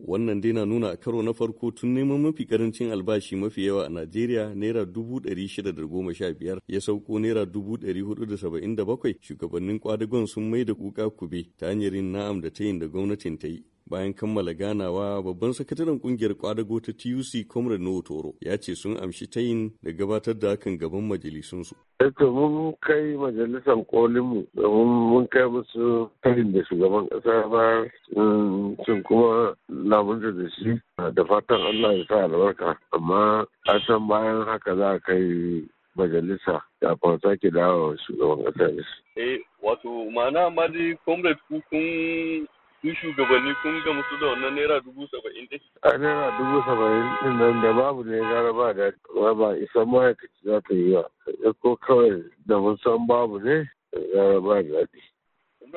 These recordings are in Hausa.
Wannan dai na nuna a karo na farko tun neman mafi karancin albashi mafi yawa a Najeriya naira dubu ɗari shida da goma sha biyar ya sauko naira dubu ɗari hudu da saba'in da bakwai shugabannin kwadagon sun mai da kuka kube ta hanyar yin na'am da ta yin da gwamnatin ta yi. bayan kammala ganawa babban sakataren kungiyar kwadago ta tuc comrade no toro ya ce sun amshi ta yin da gabatar da hakan gaban majalisunsu Eto eh, mun kai majalisar kolinmu domin mun kai musu tarin da shugaban kasa ba mm, sun kuma lamunta da shi da fatan allah ya sa albarka amma a san bayan haka za a kai majalisa fata ke dawo shugaban kasa da shi. Eh, wato ma'ana ma dai comrade kukun. su shugabanni kun musu da wannan naira dubu saba'in ɗin? a naira dubu saba'in ɗin nan da babu ne gara ba da ba isa ma'aikaci za ta yi ba ko kawai da mun san babu ne gara ba da daɗi.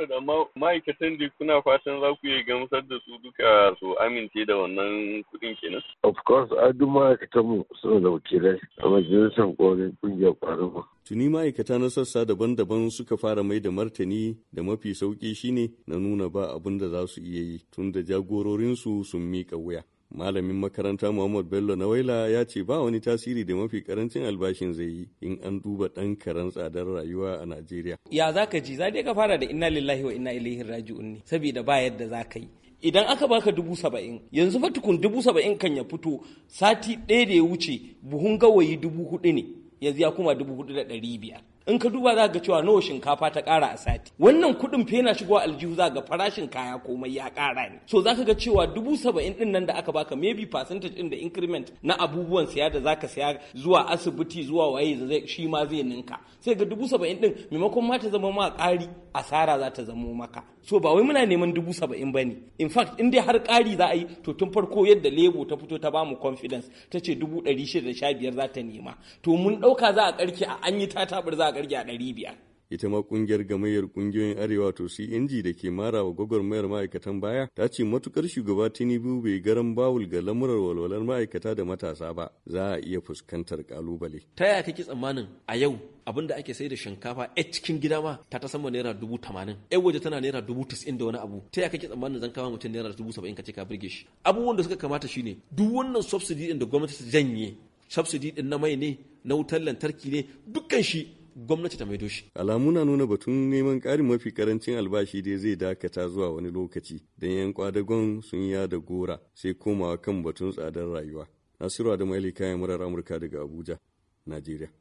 da ma'aikatan da kuna fatan za ku iya gamsar da su duka su amince da wannan kuɗin kenan. of course a duk ma'aikatan mu suna da wakilai a majalisar ƙwarin ƙungiyar ƙwararru. Tuni ma'aikata na sassa daban-daban suka fara mai da martani da mafi sauki shine na nuna ba abin da za su iya yi tun da jagororinsu sun miƙa wuya. Malamin makaranta Muhammad Bello na Waila ya ce ba wani tasiri da mafi karancin albashin zai yi in an duba ɗan karen tsadar rayuwa a Najeriya. Ya za ka ji, za dai ka fara da inna lillahi wa inna ilaihi raji'un ne, saboda ba yadda za ka yi. idan aka baka dubu saba'in yanzu fa tukun dubu saba'in kan ya fito sati ɗaya da ya wuce buhun gawayi dubu hudu ne yanzu ya kuma dubu hudu da ɗari biyar in ka duba za ga cewa nawa shinkafa ta ƙara a sati wannan kuɗin fa yana shigowa aljihu za ga farashin kaya komai ya ƙara ne so za ka ga cewa dubu saba'in ɗin nan da aka baka maybe percentage ɗin da increment na abubuwan siya da za ka siya zuwa asibiti zuwa waye shi ma zai ninka sai ga dubu saba'in ɗin maimakon ma ta zama ma ƙari asara za ta zamo maka so ba wai muna neman dubu saba'in ba ne in fact in dai har ƙari za a yi to tun farko yadda lebo ta fito ta bamu confidence ta ce dubu ɗari shida da sha biyar za ta nema to mun ɗauka za a ƙarke a an yi za a a ɗari biyar. ita ma kungiyar gamayyar kungiyoyin arewa to inji da ke mara wa gwagwarmayar ma'aikatan baya ta ce matukar shugaba tinubu bai garan bawul ga lamurar walwalar ma'aikata da matasa ba za a iya fuskantar kalubale ta yaya kake tsammanin a yau abin da ake sai da shinkafa a cikin gida ma ta ta sama naira dubu tamanin a waje tana naira dubu tasi'in da wani abu ta yaya kake tsammanin zan kama mutum naira dubu saba'in ka ce ka birge shi abubuwan da suka kamata shine duk wannan subsidy din da gwamnati ta janye subsidy ɗin na mai ne na wutar lantarki ne dukkan shi gwamnati ta maido shi. Alamu na nuna batun neman ƙarin mafi karancin albashi dai zai dakata zuwa wani lokaci don 'yan kwadagon sun ya da gora sai komawa kan batun tsadar rayuwa. Nasiru Adamu Ali kayan murar Amurka daga Abuja, Najeriya.